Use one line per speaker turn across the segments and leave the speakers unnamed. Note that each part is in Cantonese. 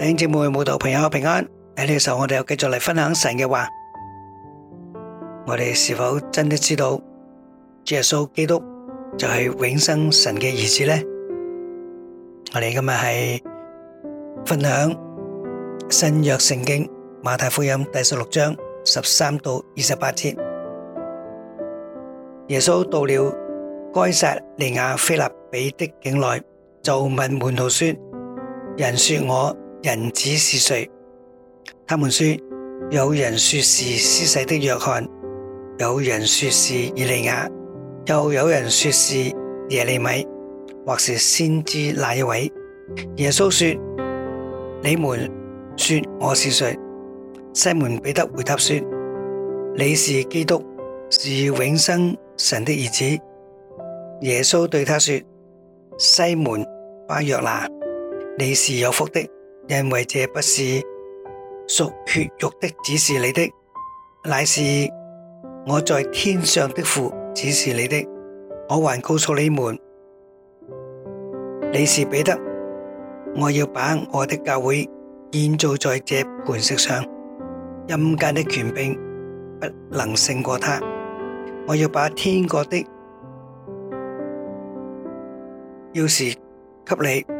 弟兄姊妹、慕道、朋友平安！喺呢個時候，我哋又繼續嚟分享神嘅話。我哋是否真的知道耶穌基督就係永生神嘅兒子呢？我哋今日係分享新約聖經馬太福音第十六章十三到二十八節。耶穌到了該撒利亞腓立比的境內，就問門徒說：人說我人子是誰？他們說，有人說是施洗的約翰，有人說是以利亞，又有人說是耶利米，或是先知哪一位？耶穌說：你們說我是誰？西門彼得回答說：你是基督，是永生神的兒子。耶穌對他說：西門巴約拿，你是有福的。因為這不是屬血肉的，指示你的，乃是我在天上的父，指示你的。我還告訴你們，你是彼得，我要把我的教會建造在這磐石上，陰間的權柄不能勝過他。我要把天國的鑰匙給你。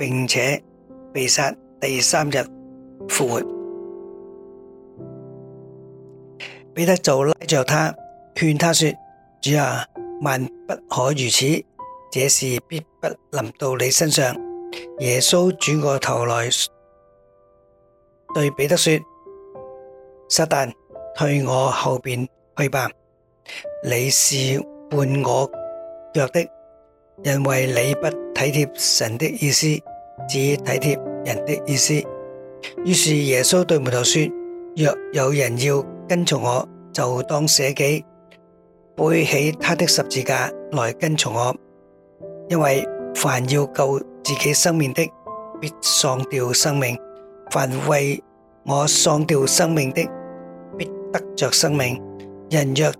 並且被殺第三日復活，彼得就拉着他勸他說：主啊，萬不可如此，這事必不臨到你身上。耶穌轉過頭來對彼得說：撒旦，退我後邊去吧，你是絆我腳的，因為你不體貼神的意思。只體貼人的意思。於是耶穌對門徒說：若有人要跟從我，就當捨己，背起他的十字架來跟從我。因為凡要救自己生命的，必喪掉生命；凡為我喪掉生命的，必得着生命。人若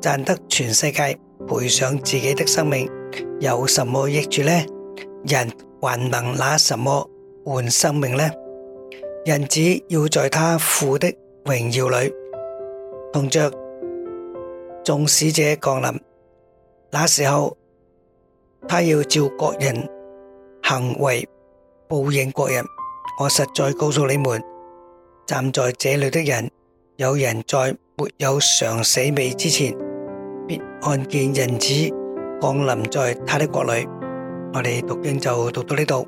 賺得全世界，賠上自己的生命，有什麼益處呢？人。還能拿什麼換生命呢？人子要在他父的榮耀裏同着眾使者降臨，那時候他要照各人行為報應各人。我實在告訴你們，站在這裏的人，有人在沒有嘗死味之前，必看見人子降臨在他的國裏。我哋讀經就讀到呢度。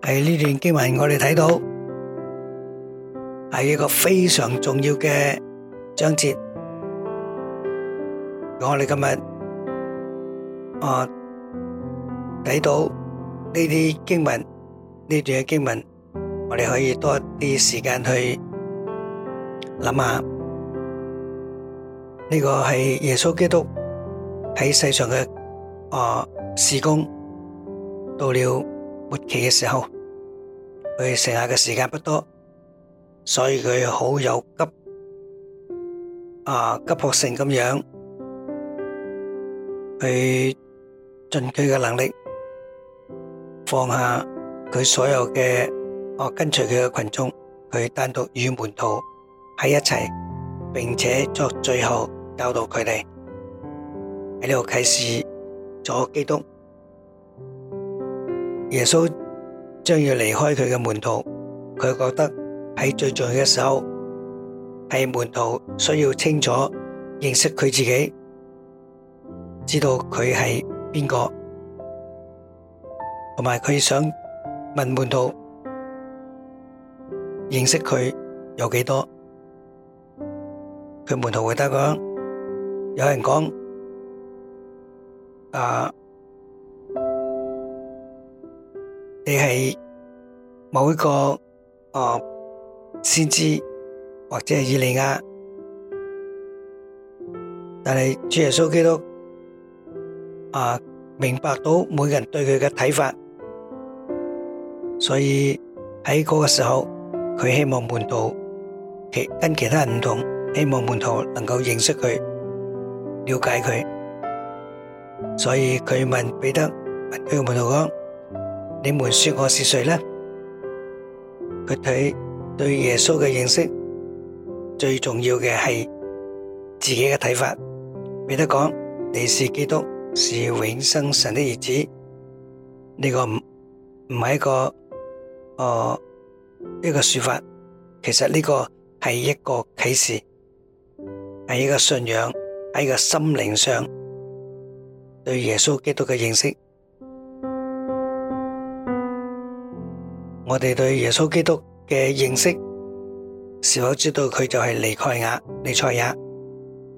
喺呢段經文我哋睇到係一個非常重要嘅章節。如果我哋今日啊睇到呢啲經文，呢段嘅經文，我哋可以多一啲時間去諗下。呢個係耶穌基督喺世上嘅，啊事工到了末期嘅時候，佢剩下嘅時間不多，所以佢好有急啊急迫性咁樣去盡佢嘅能力放下佢所有嘅，哦跟隨佢嘅群眾，佢單獨與門徒喺一齊，並且作最後。教導佢哋喺呢度啟示咗基督，耶穌將要離開佢嘅門徒，佢覺得喺最重要嘅時候，係門徒需要清楚認識佢自己，知道佢係邊個，同埋佢想問門徒認識佢有幾多，佢門徒會得講。有人講，誒，你係某一個誒先知或者係以利亞啊？但係主耶穌基督，誒明白到每個人對佢嘅睇法，所以喺嗰個時候，佢希望門徒其跟其他人唔同，希望門徒能夠認識佢，了解佢，所以佢問彼得問佢門徒講：你們說我是誰呢？佢睇對耶穌嘅認識最重要嘅係自己嘅睇法。彼得講：你是基督，是永生神的兒子。呢個唔唔係一個呃一個說法，其實呢個係一個啟示，係一個信仰。喺個心靈上對耶穌基督嘅認識，我哋對耶穌基督嘅認識，是否知道佢就係尼蓋亞、尼塞亞，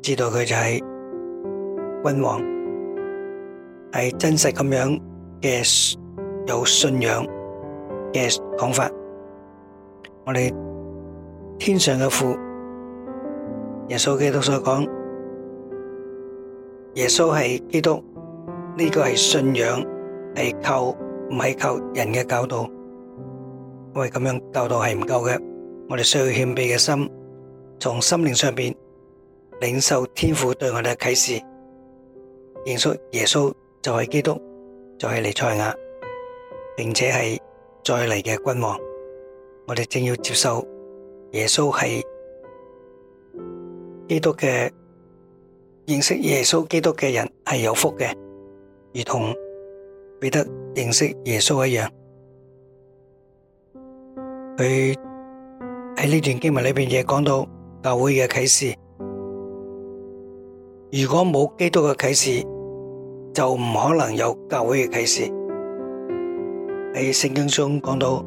知道佢就係君王，係真實咁樣嘅有信仰嘅講法？我哋天上嘅父耶穌基督所講。耶穌係基督，呢個係信仰，係靠唔係靠人嘅教導？因為咁樣教導係唔夠嘅。我哋需要謙卑嘅心，從心靈上面領受天父對我哋嘅啟示，認識耶穌就係基督，就係彌賽亞，並且係再嚟嘅君王。我哋正要接受耶穌係基督嘅。認識耶穌基督嘅人係有福嘅，如同彼得認識耶穌一樣。佢喺呢段經文裏邊亦講到教會嘅啟示。如果冇基督嘅啟示，就唔可能有教會嘅啟示。喺聖經中講到，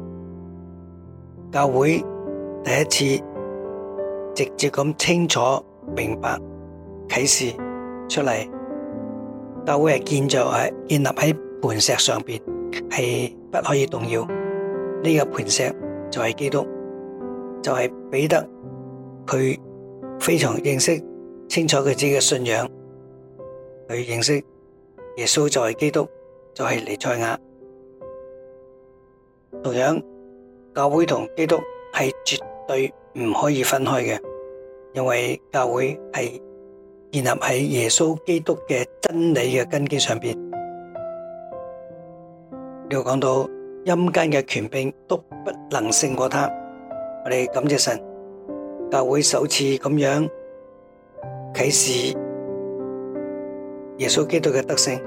教會第一次直接咁清楚明白。啟示出嚟，教會係建造喺建立喺磐石上邊，係不可以動搖。呢個磐石就係基督，就係彼得，佢非常認識清楚佢自己嘅信仰，佢認識耶穌就係基督，就係彌賽亞。同樣，教會同基督係絕對唔可以分開嘅，因為教會係建立喺耶穌基督嘅真理嘅根基上面，你講到陰間嘅權柄都不能勝過他，我哋感謝神，教會首次咁樣啟示耶穌基督嘅德性。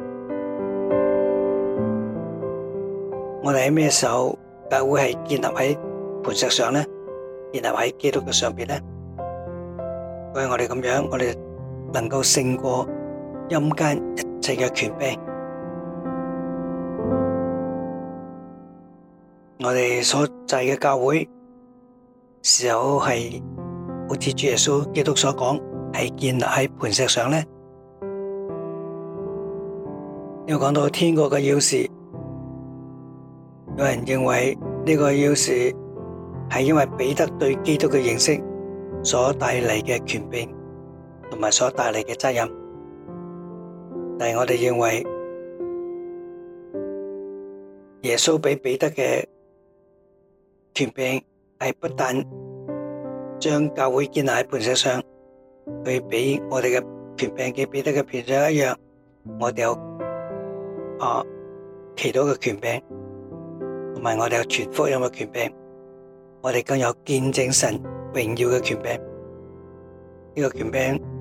我哋喺咩時候？教會係建立喺磐石上呢，建立喺基督嘅上面呢，所以我哋咁樣，我哋。能夠勝過陰間一切的權柄，我們所制的教會，時候是否是好似主耶穌基督所講，是建立在磐石上呢？又講到天國的鑰匙，有人認為這個鑰匙是因為彼得對基督的認識所帶來的權柄。同埋所帶嚟嘅責任，但係我哋認為耶穌俾彼得嘅權柄係不但將教會建立喺磐石上，佢俾我哋嘅權柄，嘅彼得嘅權柄一樣，我哋有啊祈禱嘅權柄，同埋我哋有傳福音嘅權柄，我哋更有見證神榮耀嘅權柄，呢個權柄。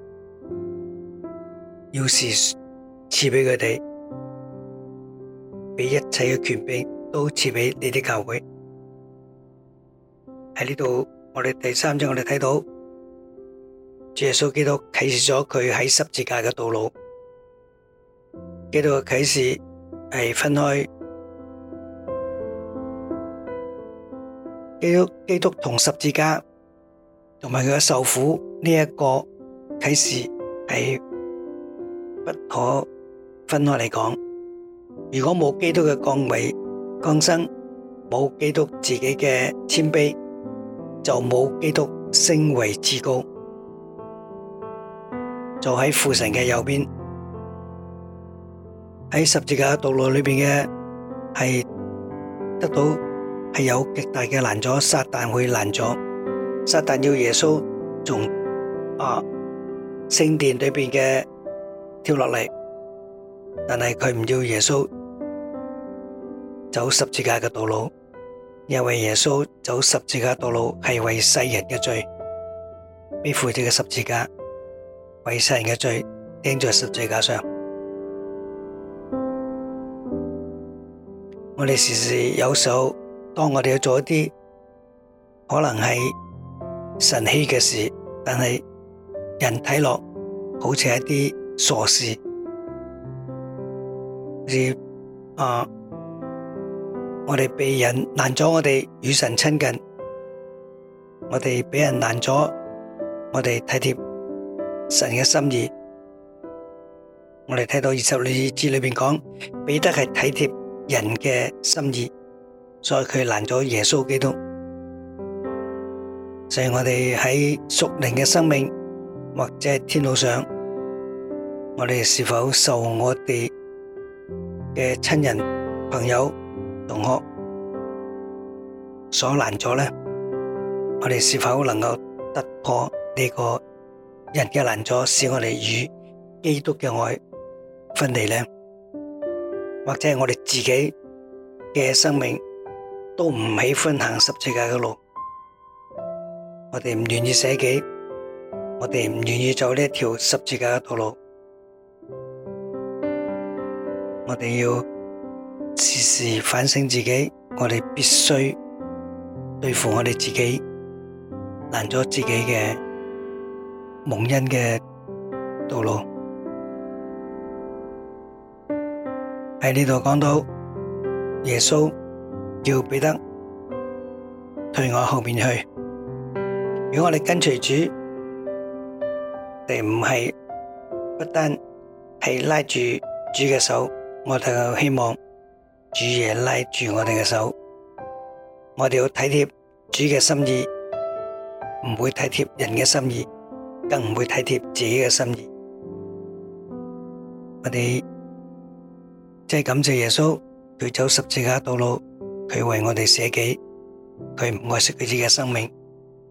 要是賜俾佢哋，俾一切嘅權柄都賜俾你啲教會。喺呢度，我哋第三章我哋睇到，主耶穌基督啟示咗佢喺十字架嘅道路。基督嘅啟示係分開基督基督同十字架，同埋佢嘅受苦。呢一個啟示係。不可分開嚟講。如果冇基督嘅降位降生，冇基督自己嘅謙卑，就冇基督升為至高，就喺父神嘅右邊。喺十字架道路裏邊嘅係得到係有極大嘅難阻，撒但會難阻，撒但要耶穌從啊聖殿裏邊嘅。跳落嚟，但係佢唔要耶穌走十字架嘅道路，因為耶穌走十字架嘅道路係為世人嘅罪，背負住的十字架，為世人嘅罪釘在十字架上。我哋時時有時候，當我哋要做一啲可能係神喜嘅事，但係人睇落好似一啲。傻事，而啊，我哋俾人難咗，我哋與神親近，我哋俾人難咗，我哋體貼神嘅心意。我哋睇到二十里字裏邊講，彼得係體貼人嘅心意，所以佢難咗耶穌基督。所以我哋喺屬靈嘅生命或者係天路上。我哋是否受我哋嘅親人、朋友、同學所難阻呢？我哋是否能夠突破呢個人嘅難阻，使我哋與基督嘅愛分離呢？或者係我哋自己嘅生命都唔喜歡行十字架嘅路？我哋唔願意捨己，我哋唔願意走呢一條十字架嘅道路。我哋要時時反省自己，我哋必須對付我哋自己攔阻自己嘅蒙恩嘅道路。喺呢度講到耶穌要彼得退我後面去，如果我哋跟隨主，我哋唔係不單係拉住主嘅手。我哋希望主耶穌拉住我哋嘅手，我哋要體貼主嘅心意，唔會體貼人嘅心意，更唔會體貼自己嘅心意。我哋即係感謝耶穌，佢走十字架道路，佢為我哋捨己，佢唔愛惜佢自己嘅生命，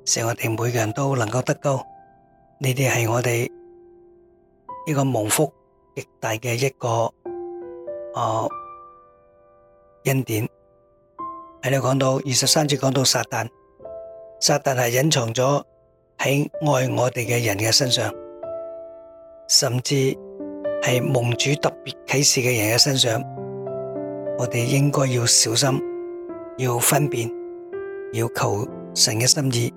使我哋每個人都能夠得救。呢啲係我哋一個蒙福極大嘅一個。哦，恩典喺度講到二十三節講到撒旦，撒旦係隱藏咗喺愛我哋嘅人嘅身上，甚至係蒙主特別啟示嘅人嘅身上，我哋應該要小心，要分辨，要求神嘅心意。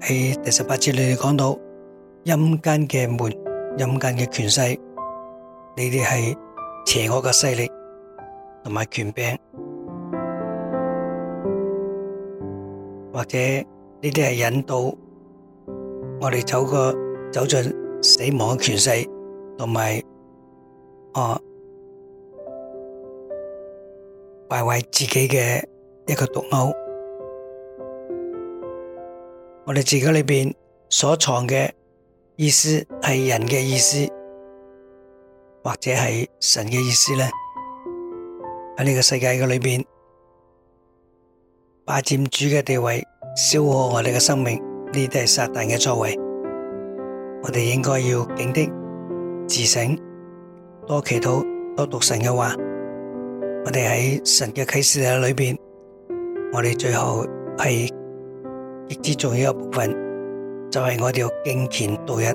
喺第十八節你哋講到陰間嘅門，陰間嘅權勢。呢啲係邪惡嘅勢力，同埋權柄，或者呢啲係引導我哋走過走進死亡嘅權勢和，同埋哦，敗壞自己嘅一個毒瘤。我哋自己裏邊所藏嘅意思，係人嘅意思。或者係神嘅意思呢？喺呢個世界嘅裏面，霸占主嘅地位，消耗我哋嘅生命，呢啲係撒旦嘅作為。我哋應該要警惕、自省，多祈禱、多讀神嘅話。我哋喺神嘅啟示裏面，我哋最後係極之重要一部分，就係我哋要敬虔度日。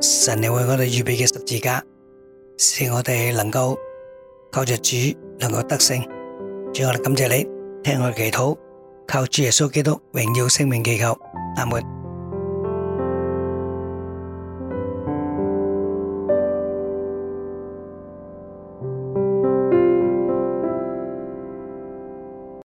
神你為我哋預備嘅十字架，使我哋能夠靠着主能夠得勝。主我哋感謝你，聽我祈禱，靠主耶穌基督榮耀生命祈求，阿門。